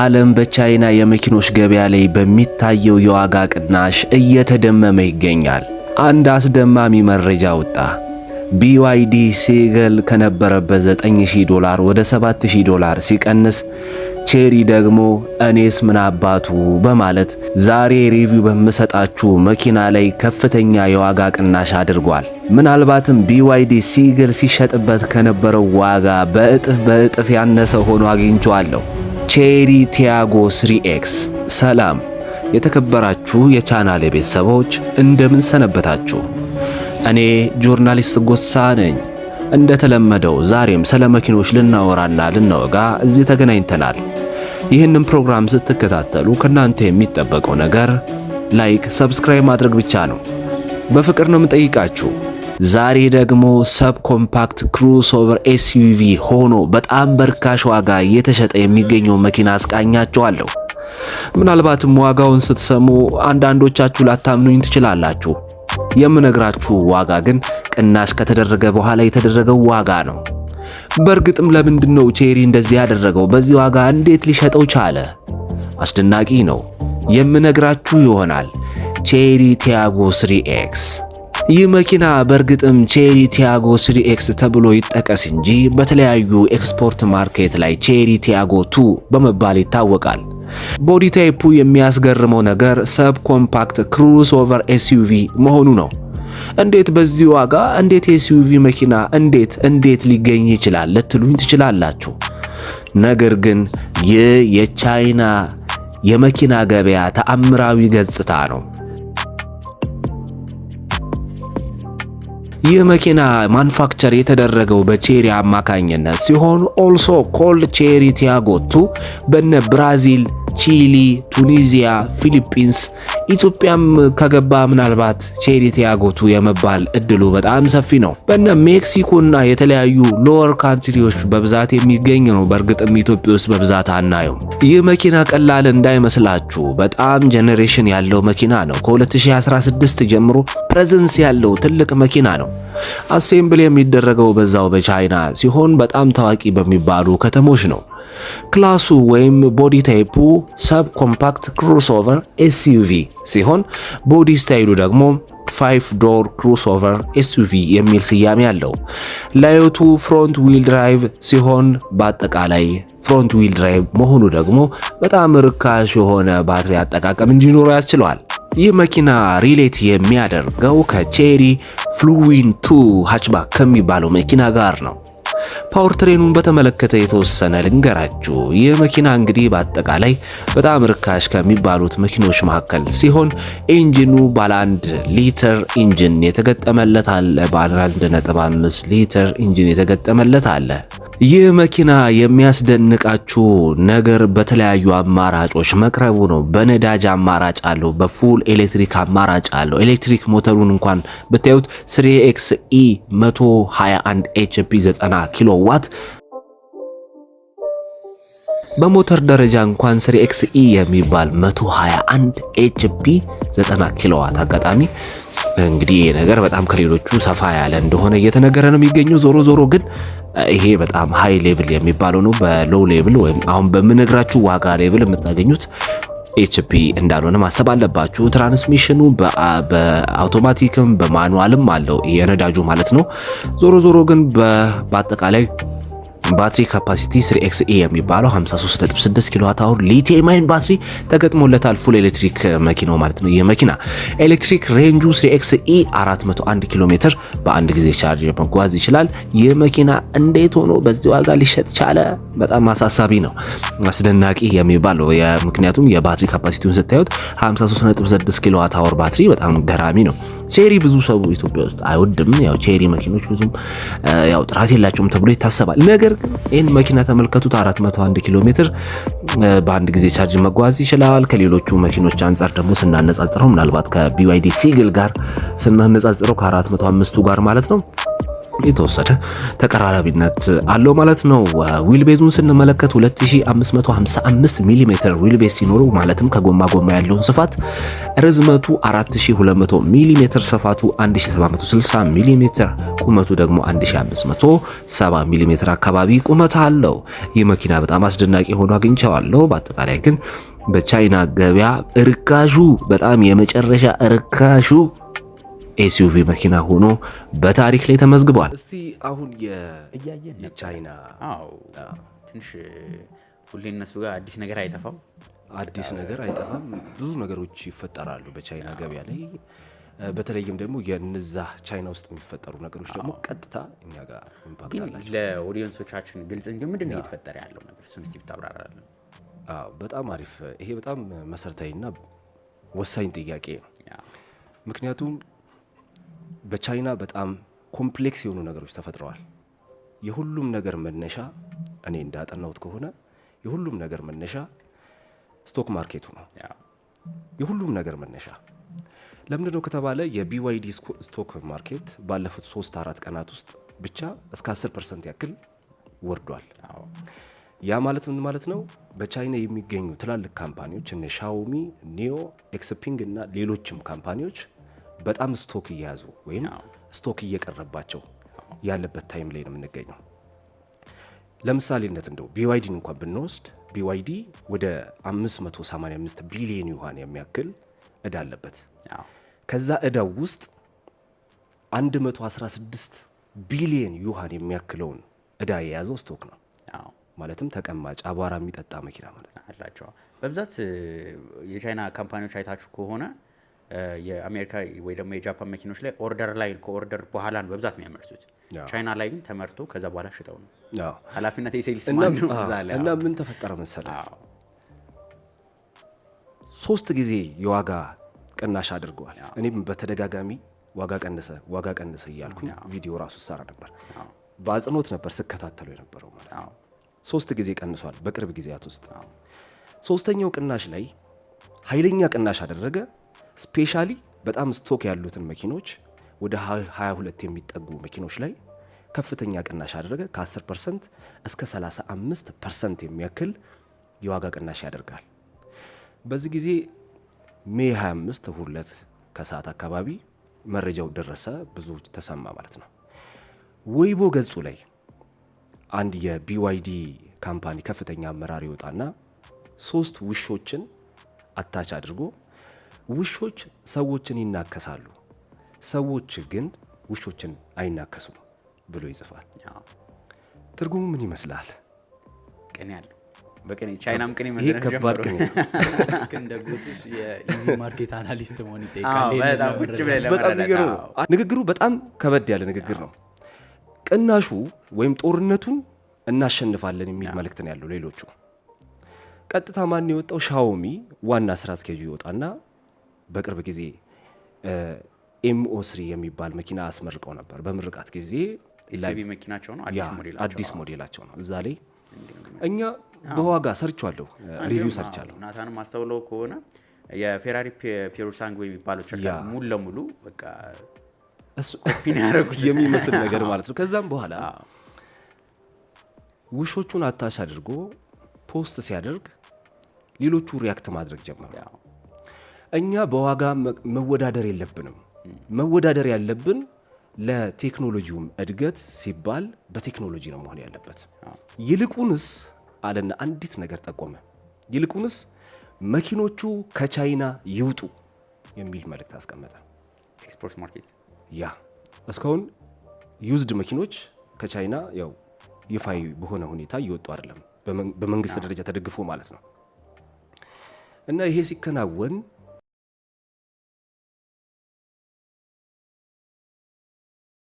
ዓለም በቻይና የመኪኖች ገበያ ላይ በሚታየው የዋጋ ቅናሽ እየተደመመ ይገኛል። አንድ አስደማሚ መረጃ ወጣ። ቢዋይዲ ሴገል ከነበረበት 9000 ዶላር ወደ 7000 ዶላር ሲቀንስ፣ ቼሪ ደግሞ እኔስ ምን አባቱ በማለት ዛሬ ሪቪው በምሰጣችሁ መኪና ላይ ከፍተኛ የዋጋ ቅናሽ አድርጓል። ምናልባትም ቢዋይዲ ሲግል ሲሸጥበት ከነበረው ዋጋ በእጥፍ በእጥፍ ያነሰ ሆኖ አግኝቼዋለሁ። ቼሪ ቲያጎ ስሪ ኤክስ ሰላም የተከበራችሁ የቻናል ቤተሰቦች እንደምን ሰነበታችሁ? እኔ ጆርናሊስት ጎሳ ነኝ። እንደተለመደው ዛሬም ስለ መኪኖች ልናወራና ልናወጋ እዚህ ተገናኝተናል። ይህንን ፕሮግራም ስትከታተሉ ከእናንተ የሚጠበቀው ነገር ላይክ፣ ሰብስክራይብ ማድረግ ብቻ ነው። በፍቅር ነው የምጠይቃችሁ። ዛሬ ደግሞ ሰብ ኮምፓክት ክሩስ ኦቨር ኤስዩቪ ሆኖ በጣም በርካሽ ዋጋ እየተሸጠ የሚገኘው መኪና አስቃኛቸዋለሁ። ምናልባትም ዋጋውን ስትሰሙ አንዳንዶቻችሁ ላታምኑኝ ትችላላችሁ። የምነግራችሁ ዋጋ ግን ቅናሽ ከተደረገ በኋላ የተደረገው ዋጋ ነው። በእርግጥም ለምንድን ነው ቼሪ እንደዚህ ያደረገው? በዚህ ዋጋ እንዴት ሊሸጠው ቻለ? አስደናቂ ነው። የምነግራችሁ ይሆናል። ቼሪ ቲያጎ 3 ኤክስ ይህ መኪና በእርግጥም ቼሪ ቲያጎ 3 ኤክስ ተብሎ ይጠቀስ እንጂ በተለያዩ ኤክስፖርት ማርኬት ላይ ቼሪ ቲያጎ ቱ በመባል ይታወቃል። ቦዲ ታይፑ የሚያስገርመው ነገር ሰብ ኮምፓክት ክሩዝ ኦቨር ኤስዩቪ መሆኑ ነው። እንዴት በዚህ ዋጋ እንዴት ኤስዩቪ መኪና እንዴት እንዴት ሊገኝ ይችላል ልትሉኝ ትችላላችሁ። ነገር ግን ይህ የቻይና የመኪና ገበያ ተአምራዊ ገጽታ ነው። ይህ መኪና ማኑፋክቸር የተደረገው በቼሪ አማካኝነት ሲሆን ኦልሶ ኮልድ ቼሪ ቲያጎቱ በነ ብራዚል፣ ቺሊ፣ ቱኒዚያ፣ ፊሊፒንስ ኢትዮጵያም ከገባ ምናልባት ቼሪ ቲያጎቱ የመባል እድሉ በጣም ሰፊ ነው። በነ ሜክሲኮና የተለያዩ ሎወር ካንትሪዎች በብዛት የሚገኝ ነው። በእርግጥም ኢትዮጵያ ውስጥ በብዛት አናየው። ይህ መኪና ቀላል እንዳይመስላችሁ በጣም ጀኔሬሽን ያለው መኪና ነው። ከ2016 ጀምሮ ፕሬዘንስ ያለው ትልቅ መኪና ነው። አሴምብል የሚደረገው በዛው በቻይና ሲሆን በጣም ታዋቂ በሚባሉ ከተሞች ነው። ክላሱ ወይም ቦዲ ታይፑ ሰብ ኮምፓክት ክሩስኦቨር ኤስዩቪ ሲሆን ቦዲ ስታይሉ ደግሞ ፋይቭ ዶር ክሩስኦቨር ኤስዩቪ የሚል ስያሜ አለው። ላዮቱ ፍሮንት ዊል ድራይቭ ሲሆን በአጠቃላይ ፍሮንት ዊል ድራይቭ መሆኑ ደግሞ በጣም ርካሽ የሆነ ባትሪ አጠቃቀም እንዲኖረው ያስችለዋል። ይህ መኪና ሪሌት የሚያደርገው ከቼሪ ፍሉዊን ቱ ሃችባክ ከሚባለው መኪና ጋር ነው። ፓወርትሬኑን በተመለከተ የተወሰነ ልንገራችሁ። ይህ መኪና እንግዲህ በአጠቃላይ በጣም ርካሽ ከሚባሉት መኪኖች መካከል ሲሆን ኢንጂኑ ባለ አንድ ሊትር ኢንጂን የተገጠመለት አለ። ባለ አንድ ነጥብ አምስት ሊትር ኢንጂን የተገጠመለት አለ። ይህ መኪና የሚያስደንቃችሁ ነገር በተለያዩ አማራጮች መቅረቡ ነው። በነዳጅ አማራጭ አለው፣ በፉል ኤሌክትሪክ አማራጭ አለው። ኤሌክትሪክ ሞተሩን እንኳን ብታዩት 3ኤክስ ኢ 121 90 ኪሎ ዋት በሞተር ደረጃ እንኳን 3ኤክስ የሚባል 121 ኤችፒ 90 ኪሎ ዋት አጋጣሚ እንግዲህ ነገር በጣም ከሌሎቹ ሰፋ ያለ እንደሆነ እየተነገረ ነው የሚገኘው። ዞሮ ዞሮ ግን ይሄ በጣም ሀይ ሌቭል የሚባለው ነው። በሎው ሌቭል ወይም አሁን በምነግራችሁ ዋጋ ሌቭል የምታገኙት ኤችፒ እንዳልሆነ ማሰብ አለባችሁ። ትራንስሚሽኑ በአውቶማቲክም በማኑዋልም አለው የነዳጁ ማለት ነው። ዞሮ ዞሮ ግን በአጠቃላይ ባትሪ ካፓሲቲ 3ኤክስኤ የሚባለው 536 ኪሎዋት አወር ሊቲየም አይን ባትሪ ተገጥሞለታል። ፉል ኤሌክትሪክ መኪናው ማለት ነው። የመኪና ኤሌክትሪክ ሬንጁ 3ኤክስኤ 401 ኪሎ ሜትር በአንድ ጊዜ ቻርጅ መጓዝ ይችላል። ይህ መኪና እንዴት ሆኖ በዚህ ዋጋ ሊሸጥ ቻለ? በጣም አሳሳቢ ነው፣ አስደናቂ የሚባል ነው። ምክንያቱም የባትሪ ካፓሲቲውን ስታዩት 536 ኪሎዋት አወር ባትሪ በጣም ገራሚ ነው። ቼሪ ብዙ ሰው ኢትዮጵያ ውስጥ አይወድም። ያው ቼሪ መኪኖች ብዙም ያው ጥራት የላቸውም ተብሎ ይታሰባል ነገር ይህን መኪና ተመልከቱት። 401 ኪሎ ሜትር በአንድ ጊዜ ቻርጅ መጓዝ ይችላል። ከሌሎቹ መኪኖች አንጻር ደግሞ ስናነጻጽረው ምናልባት ከቢዋይዲ ሲግል ጋር ስናነጻጽረው ከ405ቱ ጋር ማለት ነው በኩል የተወሰደ ተቀራራቢነት አለው ማለት ነው። ዊል ቤዙን ስንመለከት 2555 ሚሊ ሜትር ዊል ቤዝ ሲኖረው ማለትም ከጎማ ጎማ ያለውን ስፋት ርዝመቱ 4200 ሚሊ ሜትር ስፋቱ 1760 ሚሜ፣ ቁመቱ ደግሞ 1570 ሚሜ አካባቢ ቁመት አለው። ይህ መኪና በጣም አስደናቂ ሆኖ አግኝቼዋለሁ። በአጠቃላይ ግን በቻይና ገበያ እርካሹ በጣም የመጨረሻ እርካሹ ኤስዩቪ መኪና ሆኖ በታሪክ ላይ ተመዝግቧል። እስቲ አሁን የእያየን ቻይና ትንሽ ሁሌ እነሱ ጋር አዲስ ነገር አይጠፋም፣ አዲስ ነገር አይጠፋም። ብዙ ነገሮች ይፈጠራሉ በቻይና ገበያ ላይ በተለይም ደግሞ የነዛ ቻይና ውስጥ የሚፈጠሩ ነገሮች ደግሞ ቀጥታ እኛ ጋር ኢምፓክት አላቸው። ለኦዲየንሶቻችን ግልጽ እንዲሁ ምንድን ነው እየተፈጠረ ያለው ነገር እሱን እስቲ ብታብራራለን። በጣም አሪፍ። ይሄ በጣም መሰረታዊና ወሳኝ ጥያቄ ነው። ምክንያቱም በቻይና በጣም ኮምፕሌክስ የሆኑ ነገሮች ተፈጥረዋል። የሁሉም ነገር መነሻ እኔ እንዳጠናሁት ከሆነ የሁሉም ነገር መነሻ ስቶክ ማርኬቱ ነው። የሁሉም ነገር መነሻ ለምንድን ነው ከተባለ የቢዋይዲ ስቶክ ማርኬት ባለፉት ሶስት አራት ቀናት ውስጥ ብቻ እስከ 10 ፐርሰንት ያክል ወርዷል። ያ ማለት ምን ማለት ነው? በቻይና የሚገኙ ትላልቅ ካምፓኒዎች እነ ሻውሚ፣ ኒዮ፣ ኤክስፒንግ እና ሌሎችም ካምፓኒዎች በጣም ስቶክ እየያዙ ወይም ስቶክ እየቀረባቸው ያለበት ታይም ላይ ነው የምንገኘው። ለምሳሌነት እንደው ቢዋይዲን እንኳን ብንወስድ ቢዋይዲ ወደ 585 ቢሊዮን ዩሃን የሚያክል እዳ አለበት። ከዛ እዳው ውስጥ 116 ቢሊዮን ዩሃን የሚያክለውን እዳ የያዘው ስቶክ ነው። ማለትም ተቀማጭ አቧራ የሚጠጣ መኪና ማለት ነው አላቸው። በብዛት የቻይና ካምፓኒዎች አይታችሁ ከሆነ የአሜሪካ ወይ ደግሞ የጃፓን መኪኖች ላይ ኦርደር ላይ ከኦርደር በኋላ ነው በብዛት የሚያመርቱት። ቻይና ላይ ግን ተመርቶ ከዛ በኋላ ሽጠው ነው። ኃላፊነት የሴልስ ማን ነው እዛ ላይ። እና ምን ተፈጠረ መሰለ ሶስት ጊዜ የዋጋ ቅናሽ አድርገዋል። እኔም በተደጋጋሚ ዋጋ ቀንሰ ዋጋ ቀንሰ እያልኩኝ ቪዲዮ ራሱ ሰራ ነበር። በአጽንኦት ነበር ስከታተሉ የነበረው ማለት ነው። ሶስት ጊዜ ቀንሷል በቅርብ ጊዜያት ውስጥ። ሶስተኛው ቅናሽ ላይ ኃይለኛ ቅናሽ አደረገ። ስፔሻሊ በጣም ስቶክ ያሉትን መኪኖች ወደ 22 የሚጠጉ መኪኖች ላይ ከፍተኛ ቅናሽ አደረገ። ከ10 ፐርሰንት እስከ 35 ፐርሰንት የሚያክል የዋጋ ቅናሽ ያደርጋል። በዚህ ጊዜ ሜይ 25 ሁለት ከሰዓት አካባቢ መረጃው ደረሰ፣ ብዙ ተሰማ ማለት ነው። ወይቦ ገጹ ላይ አንድ የቢዋይዲ ካምፓኒ ከፍተኛ አመራር ይወጣና ሶስት ውሾችን አታች አድርጎ ውሾች ሰዎችን ይናከሳሉ፣ ሰዎች ግን ውሾችን አይናከሱም ብሎ ይጽፋል። ትርጉሙ ምን ይመስላል? ቅኔ ያለው በቅኔ ቻይናም ቅኔ መድረስ ከባድ እንደ ጎስስ የማርኬት አናሊስት መሆን ይጠይቃል። ንግግሩ በጣም ከበድ ያለ ንግግር ነው። ቅናሹ ወይም ጦርነቱን እናሸንፋለን የሚል መልእክት ነው ያለው። ሌሎቹ ቀጥታ ማን የወጣው ሻውሚ ዋና ስራ አስኪያጁ ይወጣና በቅርብ ጊዜ ኤምኦ ስሪ የሚባል መኪና አስመርቀው ነበር። በምርቃት ጊዜ መኪናቸው ነው፣ አዲስ ሞዴላቸው ነው። እዛ ላይ እኛ በዋጋ ሰርቻለሁ፣ ሪቪው ሰርቻለሁ። ናታንም አስተውለው ከሆነ የፌራሪ ፔሩሳንግ የሚባለው ቸርካ ሙሉ ለሙሉ በቃ ኮፒን ያደረጉት የሚመስል ነገር ማለት ነው። ከዛም በኋላ ውሾቹን አታሽ አድርጎ ፖስት ሲያደርግ ሌሎቹ ሪያክት ማድረግ ጀመሩ። እኛ በዋጋ መወዳደር የለብንም። መወዳደር ያለብን ለቴክኖሎጂውም እድገት ሲባል በቴክኖሎጂ ነው መሆን ያለበት። ይልቁንስ አለና አንዲት ነገር ጠቆመ። ይልቁንስ መኪኖቹ ከቻይና ይውጡ የሚል መልእክት አስቀመጠ። ኤክስፖርት ማርኬት ያ እስካሁን ዩዝድ መኪኖች ከቻይና ያው ይፋዊ በሆነ ሁኔታ እየወጡ አይደለም፣ በመንግስት ደረጃ ተደግፎ ማለት ነው። እና ይሄ ሲከናወን